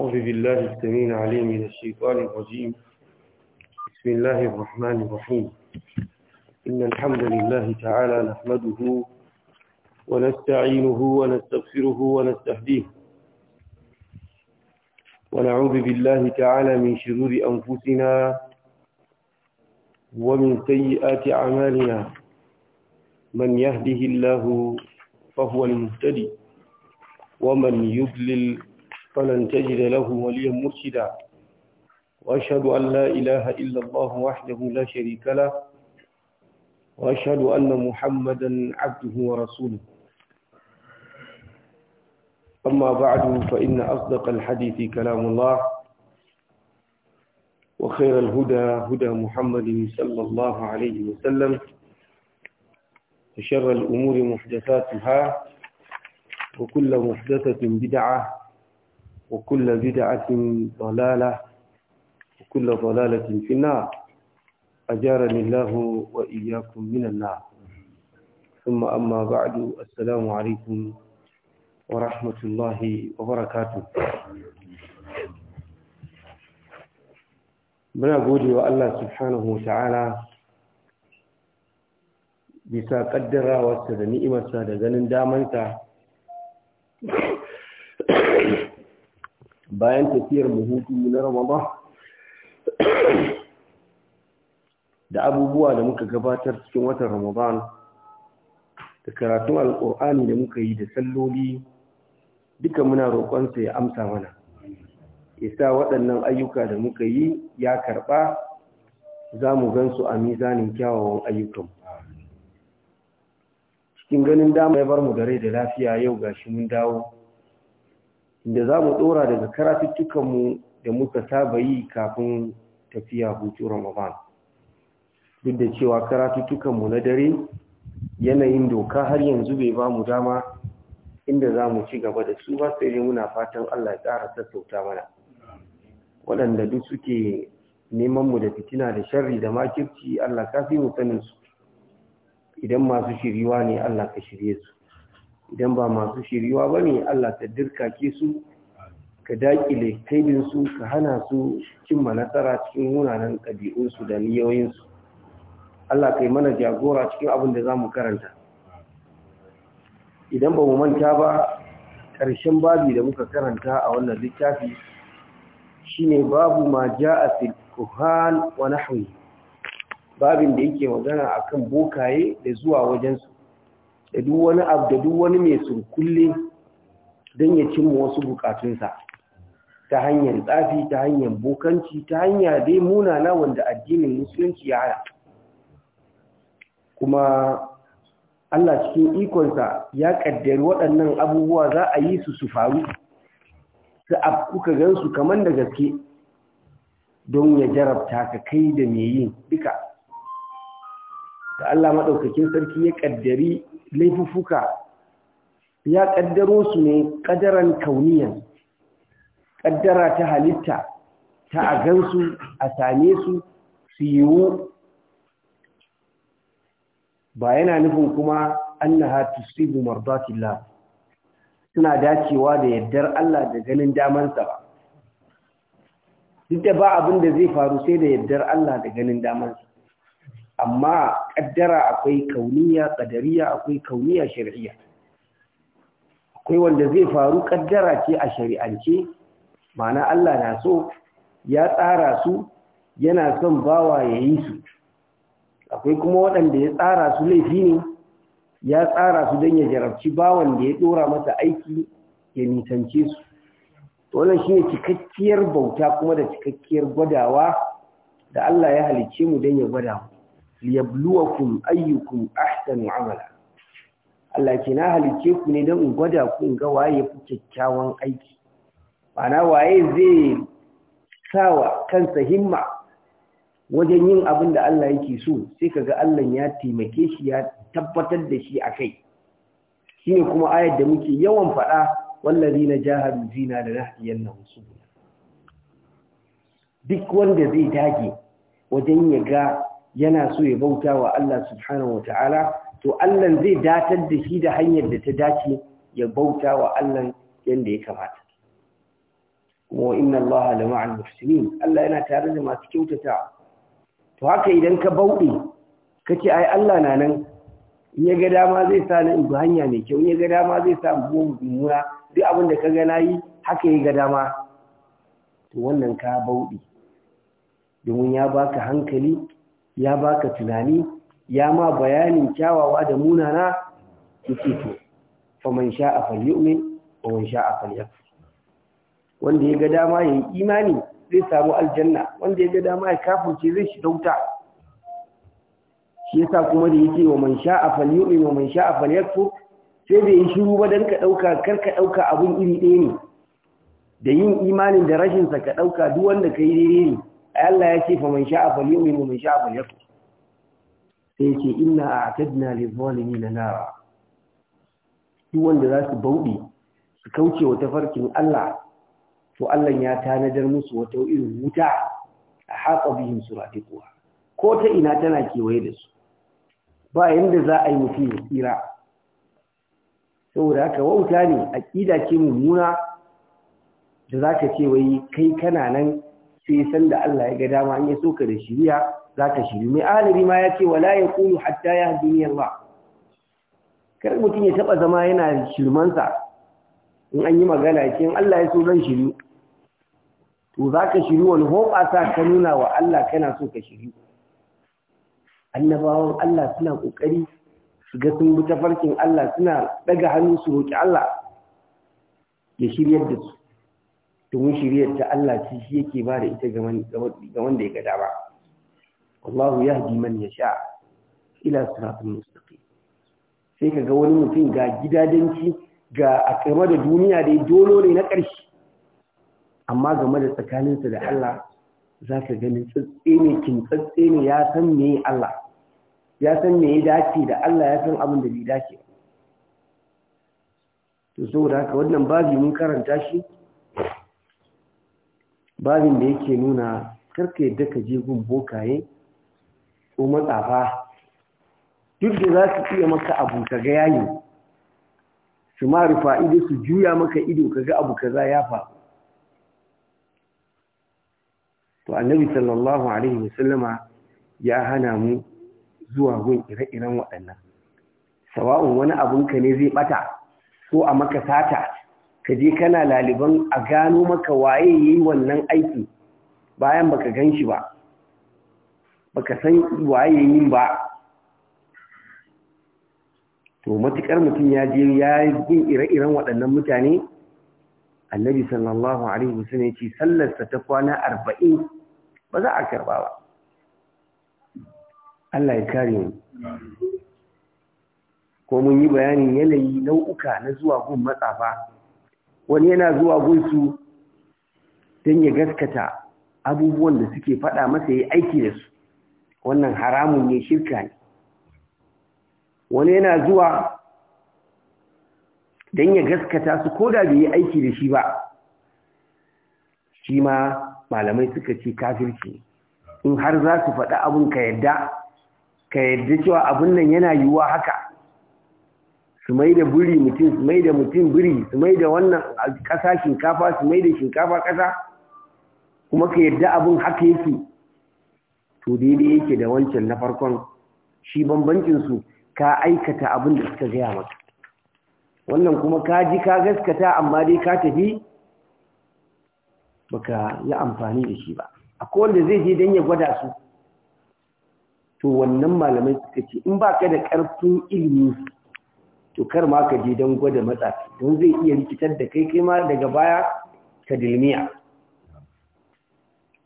أعوذ بالله السميع العليم من الشيطان الرجيم بسم الله الرحمن الرحيم إن الحمد لله تعالى نحمده ونستعينه ونستغفره ونستهديه ونعوذ بالله تعالى من شرور أنفسنا ومن سيئات أعمالنا من يهده الله فهو المهتدي ومن يضلل فلن تجد له وليا مرشدا وأشهد أن لا إله إلا الله وحده لا شريك له وأشهد أن محمدا عبده ورسوله أما بعد فإن أصدق الحديث كلام الله وخير الهدى هدى محمد صلى الله عليه وسلم وشر الأمور محدثاتها وكل محدثة بدعة وكل بدعة ضلالة وكل ضلالة في النار أجارني الله وإياكم من النار ثم أما بعد السلام عليكم ورحمة الله وبركاته muna gode wa Allah subhanahu ta'ala bisa kaddarawarsa da ni'imarsa da ganin damansa bayan tafiyar mu na Ramadan da abubuwa da muka gabatar cikin watan Ramadan da karatun Alƙur'ani da muka yi da salloli duka muna roƙonsa ya amsa mana isa waɗannan ayyuka da muka yi ya karɓa za mu gansu a mizanin kyawawan ayyukan cikin ganin dama ya bar mu da rai da lafiya yau ga shi mun dawo da za mu ɗora daga karatuttukanmu da muka saba yi kafin tafiya hutu ramadan duk da cewa karatuttukanmu na dare yanayin doka har yanzu bai ba mu dama inda za mu ci gaba da su ba sai dai muna fatan allah ya ƙara sassauta mana waɗanda duk suke neman mu da fitina da sharri da makirci allah ka mu sanin su idan masu shiriwa ne allah ka shirye su idan ba masu shiriwa ba ne Allah ka dirkake su ka daƙile kaidinsu ka hana su cimma nasara cikin munanan ƙabi'unsu da niyoyinsu Allah ka yi mana jagora cikin abin da za mu karanta idan ba mu manta ba ƙarshen babi da muka karanta a wannan littafi shi ne babu ma ja a kuhan wa nahwi babin da yake magana akan bokaye da zuwa wajensu da duk wani abu da duk wani mai surkulle don ya cimma wasu bukatunsa ta hanyar tsafi ta hanyar bokanci ta hanya dai munana wanda addinin musulunci ya hana kuma Allah cikin ikonsa ya kaddari waɗannan abubuwa za a yi su su faru su kuka gansu kamar da gaske don ya jarabta ka kai da mai yin duka da Allah maɗaukakin sarki ya ƙaddari. laifuffuka ya kaddaro su ne kadaran kauniyan ƙaddara ta halitta ta a gansu a same su su yiwu ba yana nufin kuma annaha tusibu mardatillah suna dacewa da yaddar Allah da ganin damansa ba duk da ba abin da zai faru sai da yaddar Allah da ganin damansa amma kaddara akwai kauniya kadariya akwai kauniya shari'iyya akwai wanda zai faru kaddara ce a shari'ance ma'ana Allah na so ya tsara su yana son bawa ya yi su akwai kuma waɗanda ya tsara su laifi ne ya tsara su don ya jarabci bawan da ya ɗora masa aiki ya nisance su wannan shine cikakkiyar bauta kuma da cikakkiyar gwadawa da Allah ya halicce mu don ya gwada mu liyabluwakum ayyukum ahsanu amala Allah ke na halice ku ne don in gwada ku in ga waye fi kyakkyawan aiki Bana waye zai sawa kansa himma wajen yin abin da Allah yake so sai kaga Allah ya taimake shi ya tabbatar da shi akai shine kuma ayar da muke yawan faɗa wallazina jahadu fina lanahdiyannahum subul duk wanda zai dage wajen ya ga yana so ya bauta wa Allah subhanahu wata'ala to Allah zai datar da shi da hanyar da ta dace ya bauta wa Allah yanda ya kamata kuma inna Allah la ma'al Allah yana tare da masu kyautata to haka idan ka bauɗe kace ai Allah na nan in ya ga dama zai sa ni in hanya mai kyau in ya ga dama zai sa mu mummuna duk abin da ka ga nayi haka ya ga dama to wannan ka bauɗe domin ya baka hankali ya baka tunani ya ma bayanin kyawawa da munana yake to faman sha'a falyu'min wa man sha'a falyakfur wanda ya ga dama ya yi imani zai samu aljanna wanda ya ga dama ya kafirce zai shi dauta shi yasa kuma da yake wa man sha'a falyu'min wa man sha'a falyakfur sai bai yi shiru ba dan ka dauka kar ka dauka abun iri ɗaya ne da yin imanin da rashin sa ka dauka duk wanda kai daidai ne Allah ya ce faman sha'a ne wa man sha'a falyakfur sai ya ce inna a'tadna ne na nara duk wanda za su bauɗe su kauce wa tafarkin Allah to Allah ya tanadar musu wata irin wuta a haƙa bihin suratiquha ko ta ina tana kewaye da su ba yanda za a yi mutum ya tsira saboda haka wauta ne aƙida ce mummuna da za ka ce wai kai kana nan sai san da Allah ya ga dama an ya so da shiriya za ka shiri mai alibi ma la ya kulu hatta ya yahdini ba? kar mutum ya taba zama yana shirmansa in an yi magana ce in Allah ya so zan shiri to za ka shiri wani hoba sa ka nuna wa Allah kana so ka shiri annabawan Allah suna kokari su ga sun bi tafarkin Allah suna daga hannu su roki Allah ya shiryar da su domin shiriyar ta Allah ce shi yake ba da ita ga wanda ya gada ba Allahu yahdi man sha ila siratal mustaqim sai kaga wani mutum ga gidadanci ga akama da duniya da ya dolo ne na ƙarshe amma game da tsakaninsa da Allah za ka gani tsatse ne kintsatse ne ya san me Allah ya san me ya dace da Allah ya san abin da bai dace to saboda haka wannan babu mun karanta shi babin da yake nuna karka yadda ka je gun bokaye ko matsafa duk da za su iya maka abu ka ga yayi su ma rufa ido su juya maka ido ka ga abu kaza ya faru to annabi sallallahu alaihi wasallama ya hana mu zuwa gun ire-iren waɗannan sawa'un wani abun ka ne zai bata ko a maka sata ka je kana laliban a gano maka waye yi wannan aiki bayan baka gan shi ba baka san waye yin ba to matukar mutum ya je ya yi ire-iren waɗannan mutane annabi sallallahu alaihi wasallam ya ce sallarsa ta kwana arba'in ba za a karba ba Allah ya kare mu ko mun yi bayanin yanayi nau'uka na zuwa gun matsafa wani yana zuwa gunsu don ya gaskata abubuwan da suke faɗa masa ya aiki da su wannan haramun ne shirka ne wani yana zuwa don ya gaskata su ko da bai yi aiki da shi ba shi ma malamai suka ce kafirci in har za su faɗa abin ka yadda ka yadda cewa abin nan yana yiwuwa haka su mai da buri mutum su mai da mutum buri su mai da wannan ƙasa shinkafa su mai da shinkafa ƙasa kuma ka yadda abin haka yake to daidai yake da wancan na farkon shi bambancinsu ka aikata abin da suka gaya maka wannan kuma ka ji ka gaskata amma dai ka tafi baka yi amfani da shi ba akwai wanda zai je dan ya gwada su to wannan malamai suka ce in ba ka da ƙarfin ilimi to kar ma ka je don gwada matsa don zai iya rikitar da kai kai ma daga baya ka dilmiya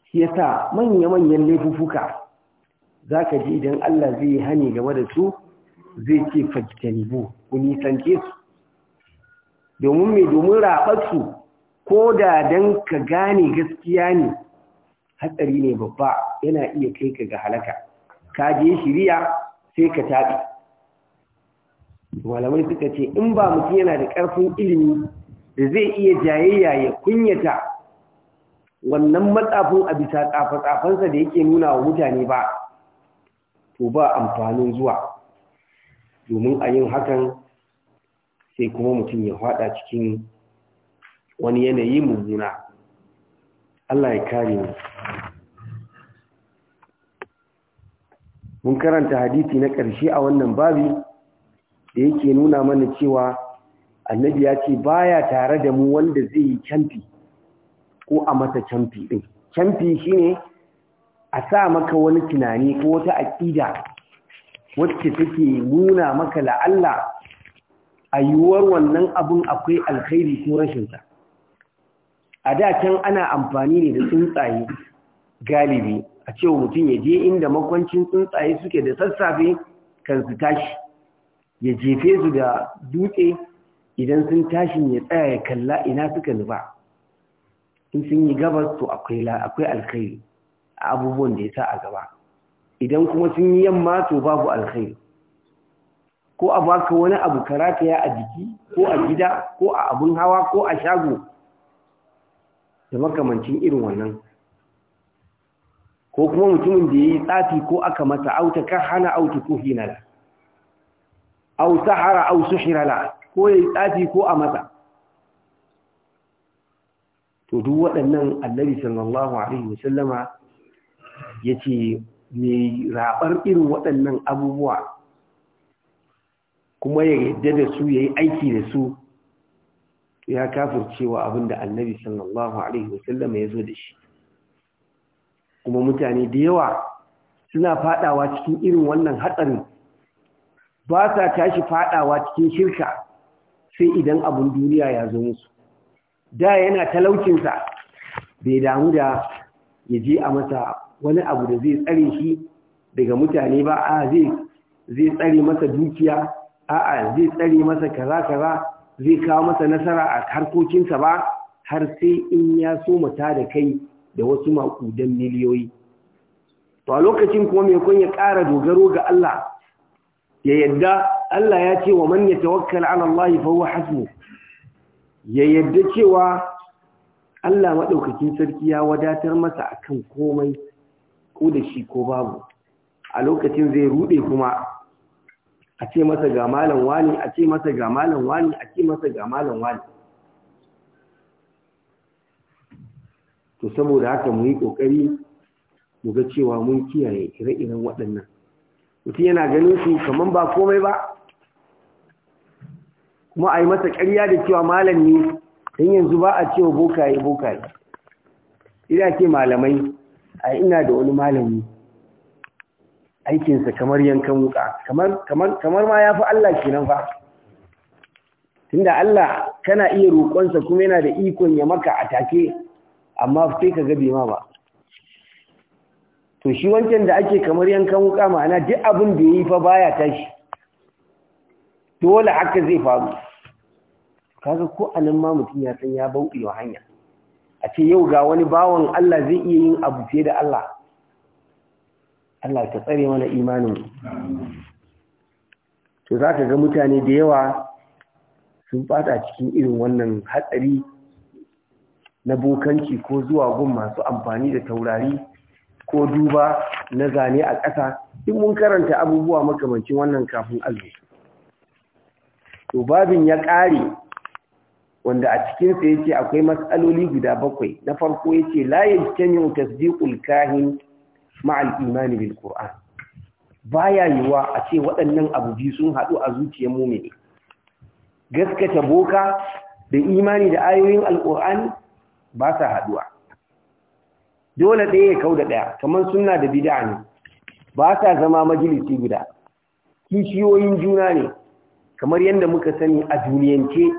shi yasa manya-manyan laifufuka za ka ji idan Allah zai yi hani game da su zai ce fajitanibu ku nisance su domin mai domin rabatsu ko da don ka gane gaskiya ne hatsari ne babba yana iya kai ka ga halaka ka je shirya sai ka taɓi malamai suka ce in ba mutum yana da ƙarfin ilimi da zai iya jayayya ya kunyata wannan matsafin a bisa tsafe-tsafensa da yake nuna wa mutane ba to ba amfanin zuwa domin a yin hakan sai kuma mutum ya fada cikin wani yanayi mummuna Allah ya kare mu mun karanta hadisi na ƙarshe a wannan babi da yake nuna mana cewa annabi ya ce baya tare da mu wanda zai yi camfi ko a masa camfi din camfi shine a sa maka wani tunani ko wata aƙida wacce take nuna maka la'alla a yiwuwar wannan abin akwai alkhairi ko rashinsa a da can ana amfani ne da tsuntsaye galibi a cewa mutum ya je inda makwancin tsuntsaye suke da sassafe kan su tashi ya jefe su da dutse idan sun tashi ya tsaya ya kalla ina suka nufa in sun yi gabas to akwai alkhairi a abubuwan da ya sa a gaba idan kuma sun yi yamma to babu alkhairi ko a baka wani abu karata ya a jiki ko a gida ko a abun hawa ko a shago da makamancin irin wannan ko kuma mutumin da ya yi tsafi ko aka mata auta kan hana auta ko hinala au sahara au suhira la ko ya yi tsafi ko a mata to duk waɗannan annabi sallallahu alaihi wasallama ya ce mai raɓar irin waɗannan abubuwa kuma ya yadda da su ya yi aiki da su ya kafircewa abin da annabi sallallahu alaihi wasallama ya zo da shi kuma mutane da yawa suna fadawa cikin irin wannan hatsarin ba sa tashi fadawa cikin shirka sai idan abin duniya ya zo musu da yana talaucinsa bai damu da ya je a masa wani abu da zai tsare shi daga mutane ba a zai tsare masa dukiya a zai tsare masa kaza kaza zai kawo masa nasara a harkokinsa ba har sai in ya so mata da kai da wasu makudan miliyoyi to a lokacin kuma mai kun ya ƙara dogaro ga Allah ya yadda Allah ya ce wa man tawakkal ala Allah fa huwa hasbu ya yadda cewa Allah maɗaukacin sarki ya wadatar masa kan komai ko da shi ko babu a lokacin zai rude kuma a ce masa ga malam wani a ce masa ga malam wani a ce masa ga malam wani to saboda haka mu yi kokari mu ga cewa mun kiyaye ire-iren waɗannan mutum yana ganin su kamar ba komai ba kuma a yi masa ƙarya da cewa malam ne don yanzu ba a cewa bokaye bokaye ina ce malamai a ina da wani malami aikinsa kamar yankan wuka kamar ma ya fi Allah kenan fa tunda Allah kana iya roƙonsa kuma yana da ikon ya maka a take amma sai ka gabe ma ba to shi wancan da ake kamar yankan wuka ma'ana duk abin da ya yi fa baya tashi dole haka zai faru kaga ko anan ma mutum ya san ya bauɗewa hanya a ce yau ga wani bawan Allah zai iya yin abu fiye da Allah Allah ta tsare mana imanin to za ka ga mutane da yawa sun fata cikin irin wannan hatsari na bokanci ko zuwa gun masu amfani da taurari ko duba na zane a ƙasa in mun karanta abubuwa makamancin wannan kafin azumi to babin ya ƙare wanda a cikinsa ya ce akwai matsaloli guda bakwai na farko ya ce layin canyin tasdiƙul kahin ma'al imani bil ƙur'an ba ya yiwa a ce waɗannan abu biyu sun haɗu a zuciyar mumini gaskata boka da imani da ayoyin alƙur'ani ba sa haɗuwa dole ɗaya ya kau da ɗaya kamar suna da bid'a ne ba sa zama majalisi guda kishiyoyin juna ne kamar yadda muka sani a duniyance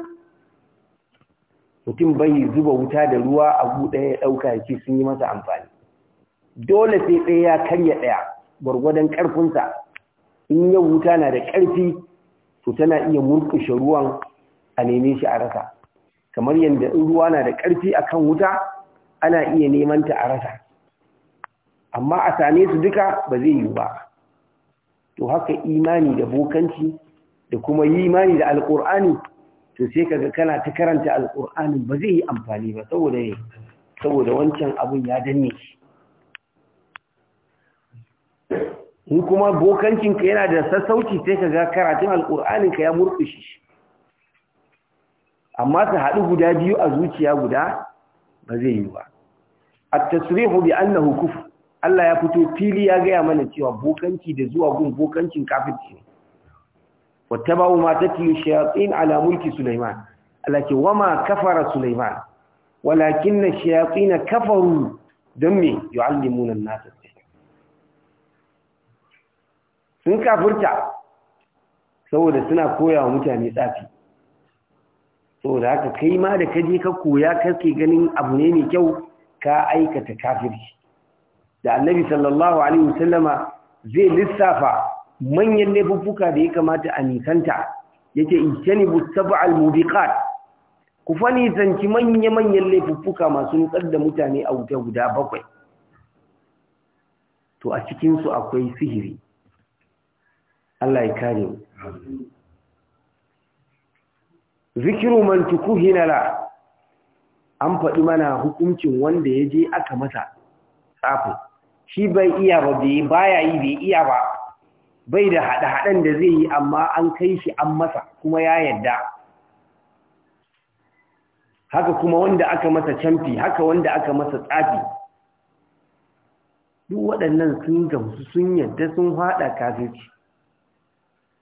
mutum bai zuba wuta da ruwa a buɗe ya ɗauka ya ce sun yi masa amfani dole sai ɗaya ya karya ɗaya gwargwadon ƙarfinsa in yau wuta na da ƙarfi to tana iya murkushe ruwan a neme shi a rasa kamar yadda in ruwa na da ƙarfi a kan wuta ana iya neman ta a rasa amma a same su duka ba zai yi ba to haka imani da bokanci da kuma imani da alkur'ani to sai kaga kana ta karanta alkur'ani ba zai yi amfani ba saboda ne saboda wancan abun ya danne shi in kuma bokancinka yana da sassauci sai ka ga karatun ka ya murkushe shi amma su haɗu guda biyu a zuciya guda ba zai yi ba at-tasrihu bi annahu kufr Allah ya fito fili ya gaya mana cewa bokanci da zuwa gun bokancin kafirci ne wattaba'u ma tatlu shayatin ala mulki sulaiman Allah ce wama kafara sulaiman walakinna shayatin kafaru don me yu'allimuna an-nas sun kafirta saboda suna koya wa mutane tsafi saboda haka kai ma da kaje ka koya kake ganin abu ne mai kyau ka aikata kafirci da annabi sallallahu alaihi wasallama zai lissafa manyan laifuffuka da ya kamata a nisanta yake bu sab'al mubiqat ku fani zanci manya manyan laifuffuka masu nutsar da mutane a wuta guda bakwai to a cikin su akwai sihiri Allah ya kare mu zikiru man tukuhina la an faɗi mana hukuncin wanda ya je aka masa tsafi. shi bai iya ba bai baya yi bai iya ba bai da haɗe-haɗen da zai yi amma an kai shi an masa kuma ya yadda haka kuma wanda aka masa camfi haka wanda aka masa tsafi duk waɗannan sun gamsu sun yadda sun haɗa kafirci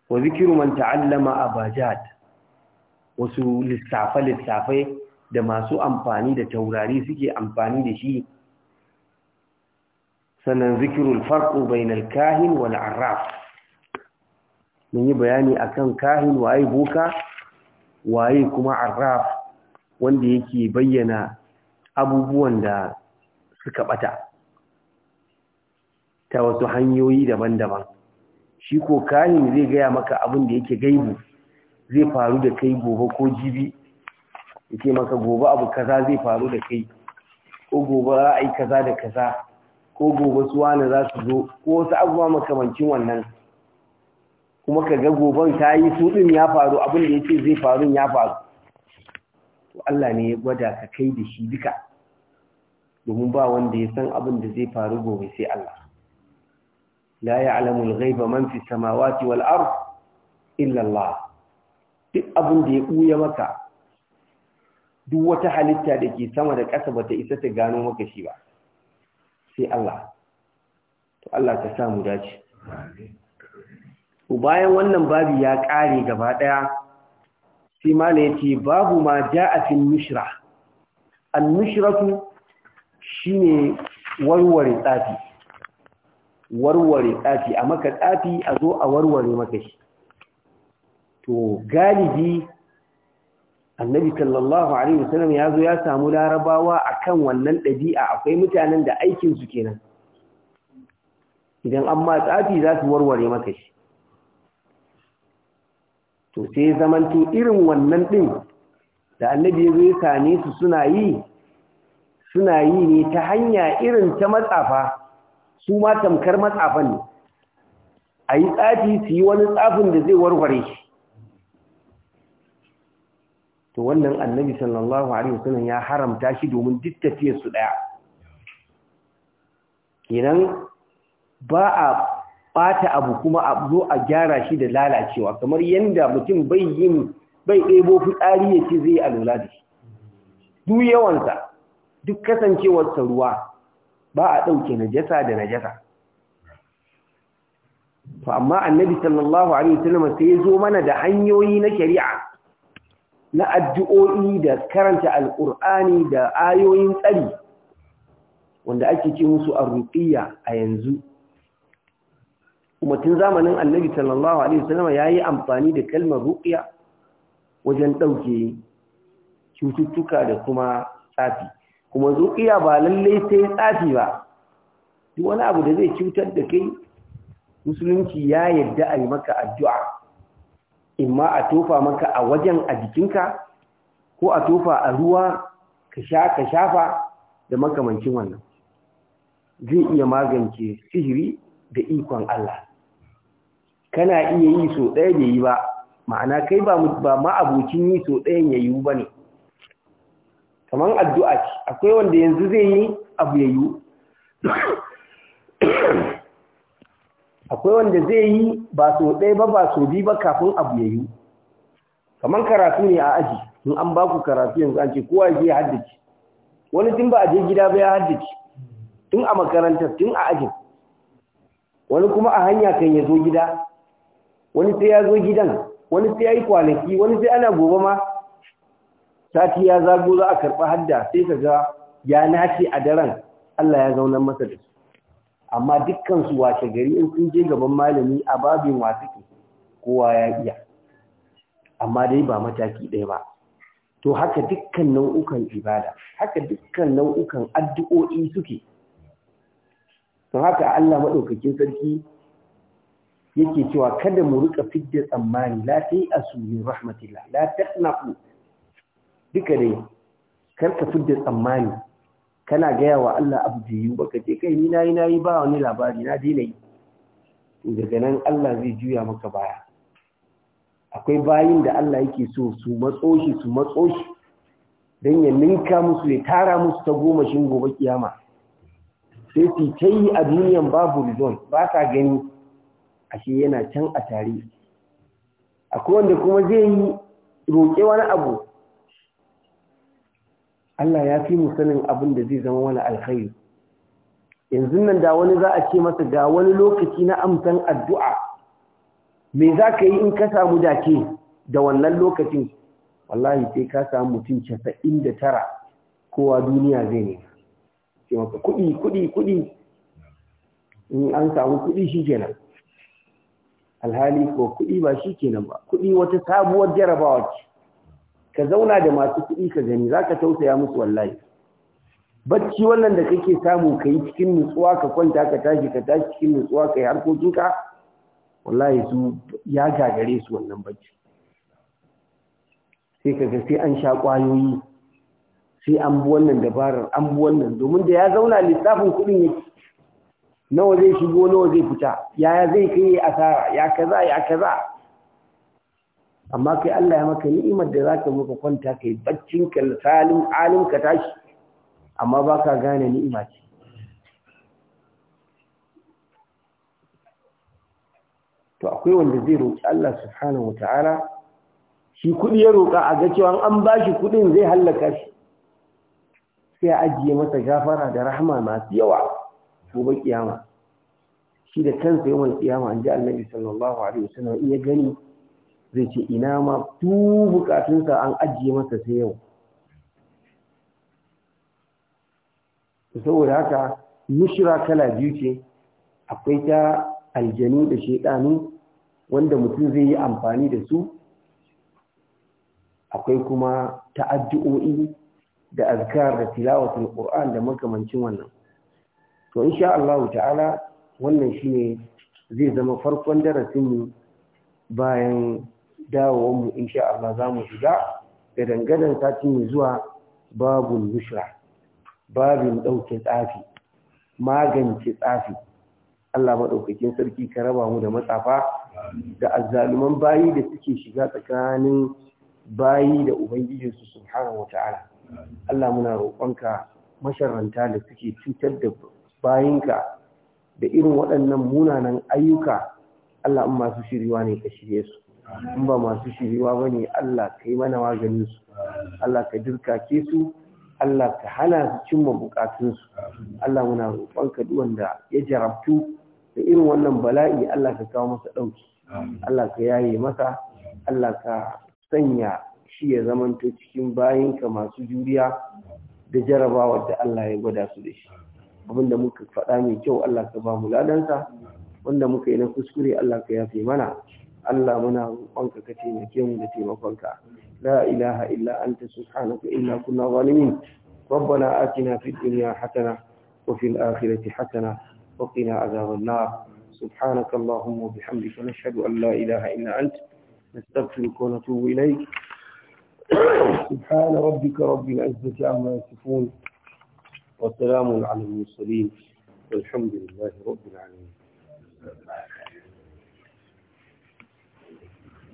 wa zikiru man ta'allama abajad wasu lissafe-lissafai da masu amfani da taurari suke amfani da shi sannan zikirul farko bainal kahin wal arraf mun yi bayani akan kahin waye boka waye kuma arraf wanda yake bayyana abubuwan da suka bata ta wasu hanyoyi daban-daban shi ko kahin zai gaya maka abin da yake gaibu zai faru da kai gobe ko jibi yace maka gobe abu kaza zai faru da kai ko gobe za a yi kaza da kaza ko gobe su wani za su zo ko wasu abubuwa makamancin wannan kuma ka ga goben ta yi su ɗin ya faru abin da ya ce zai faru ya faru to Allah ne ya gwada ka kai da shi duka domin ba wanda ya san abin da zai faru gobe sai Allah la ya'lamul ghaiba man fi samawati wal ard illa Allah duk abin da ya buya maka duk wata halitta da ke sama da ƙasa bata isa ta gano maka shi ba sai Allah to Allah ka samu dace bayan wannan babu ya ƙare gaba ɗaya sai mala yace babu ma ja'a fil mushra. an nushratu shine warware tsafi warware tsafi a maka tsafi a zo a warware maka shi to galibi annabi sallallahu alaihi wasallam ya zo ya samu larabawa akan wannan ɗabi'a akwai mutanen da aikin su kenan idan an ma tsafi za su warware maka shi to sai zamanto irin wannan ɗin da annabi ya zo ya same su suna yi suna yi ne ta hanya irin ta matsafa su ma tamkar matsafan ne a yi tsafi su yi wani tsafin da zai warware shi to wannan annabi sallallahu alaihi wasallam ya haramta shi domin duk tafiyar su daya kenan ba a bata abu kuma a zo a gyara shi da lalacewa kamar yanda mutum bai yin bai ɗebo fitsari ya ce zai alula da shi duk yawansa duk kasancewarsa ruwa ba a ɗauke najasa da najasa to amma annabi sallallahu alaihi wasallam sai ya zo mana da hanyoyi na shari'a na addu'o'i da karanta alƙur'ani da ayoyin tsari wanda ake ce musu a ruƙiya a yanzu kuma tun zamanin annabi sallallahu alaihi wasallam ya yi amfani da kalmar ruƙiya wajen ɗauke cututtuka da kuma tsafi kuma ruƙiya ba lallai sai tsafi ba duk wani abu da zai cutar da kai musulunci ya yadda a yi maka addu'a imma a tofa maka a wajen a jikinka ko a tofa a ruwa ka sha ka shafa da makamancin wannan zai iya magance sihiri da ikon Allah kana iya yi so ɗaya da yi ba ma'ana kai ba ma abokin yi so ɗayan ya yiwu ba ne kamar addu'a ce akwai wanda yanzu zai yi abu ya yi akwai wanda zai yi ba so ɗaya ba ba so biyu ba kafin abu ya yi kamar karatu ne a aji in an ba ku karatu yanzu an ce kowa ya haddace wani tun ba a je gida ba ya haddace tun a makarantar tun a ajin wani kuma a hanya kan ya zo gida wani sai ya zo gidan wani sai ya yi kwanaki wani sai ana gobe ma sati ya zago za a karɓi hadda sai ka ga ya nace a daren Allah ya zaunar masa da su amma dukkansu su washe gari in sun je gaban malami a babin wasiki kowa ya iya amma dai ba mataki ɗaya ba to haka dukkan nau'ukan ibada haka dukkan nau'ukan addu'o'i suke to haka Allah maɗaukakin sarki yake cewa kada mu rika fidda tsammani la tai asu min rahmatillah la taqnaqu duka dai karka fidda tsammani kana gaya wa Allah abu da yiwu baka ce kai ni nayi nayi ba wani labari na daina yi daga nan Allah zai juya maka baya akwai bayin da Allah yake so su matso shi su matso shi don ya ninka musu ya tara musu ta goma shin gobe kiyama sai su ta yi a duniyan babu rizon ba sa gani ashe yana can a tare akwai wanda kuma zai yi roƙe wani abu Allah ya fi mu sanin abin da zai zama wani alkhairi yanzu nan da wani za a ce masa ga wani lokaci na amsan addu'a me za ka yi in ka samu dake da wannan lokacin wallahi sai ka samu mutum casa'in da tara kowa duniya zai ne ce maka kuɗi kuɗi kuɗi in an samu kuɗi shi kenan alhali ko kuɗi ba shi kenan ba kuɗi wata sabuwar jarabawa ce ka zauna da masu kuɗi ka gani za ka tausaya musu wallahi bacci wannan da kake samu ka yi cikin nutsuwa ka kwanta ka tashi ka tashi cikin nutsuwa ka yi harkokinka wallahi su ya gagare su wannan bacci sai ka ga sai an sha ƙwayoyi sai an bi wannan dabarar an bi wannan domin da ya zauna lissafin kuɗin yake nawa zai shigo nawa zai fita yaya zai kai asara ya kaza ya kaza amma kai Allah ya maka ni'imar da zaka zo kwanta kai baccin ka salin alim ka tashi amma baka gane ni'ima ce to akwai wanda zai roƙi Allah subhanahu wataala shi kudi ya roƙa a ga cewa an bashi kudin zai hallaka shi sai ya ajiye masa gafara da rahama masu yawa gobe kiyama shi da kansa yawan kiyama an ji annabi sallallahu alaihi wasallam in ya gani zai ce ina ma tu bukatunsa an ajiye masa sai yau saboda haka mishira kala biyu ce akwai ta aljanu da shaidanu wanda mutum zai yi amfani da su akwai kuma ta'addu'o'i da azkar da tilawatul qur'an da makamancin wannan to insha Allah ta'ala wannan shine zai zama farkon darasin mu bayan dawowar mu insha Allah za mu shiga da dangadan sati mai zuwa babu bushra babin ɗauke tsafi magance tsafi Allah maɗaukakin sarki ka raba mu da matsafa da azzaluman bayi da suke shiga tsakanin bayi da ubangijinsu subhanahu wata'ala Allah muna roƙonka masharanta da suke cutar da bayinka da irin waɗannan munanan ayyuka Allah in masu shiriwa ne ka shirye su in ba masu shirewa ba ne Allah ka yi mana maganin su Allah ka dirkake su Allah ka hana su cimma bukatunsu Allah muna ka duk wanda ya jarabtu da irin wannan bala'i Allah ka kawo masa ɗauki Allah ka yaye masa Allah ka sanya shi ya zamanto cikin bayinka masu juriya da jarabawa da Allah ya gwada su da shi da muka faɗa mai kyau Allah ka ba mu ladansa wanda muka yi na kuskure Allah ka yafe mana Allah muna roƙonka ka taimake mu da taimakonka la ilaha illa anta subhanaka inna kunna zalimin ربنا آتنا في الدنيا حسنة وفي الآخرة حسنة وقنا عذاب النار سبحانك اللهم وبحمدك نشهد أن لا إله إلا أنت نستغفرك ونتوب إليك سبحان ربك رب العزة عما يصفون وسلام على المرسلين والحمد لله رب العالمين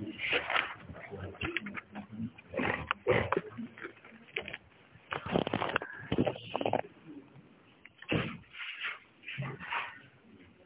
Thank you.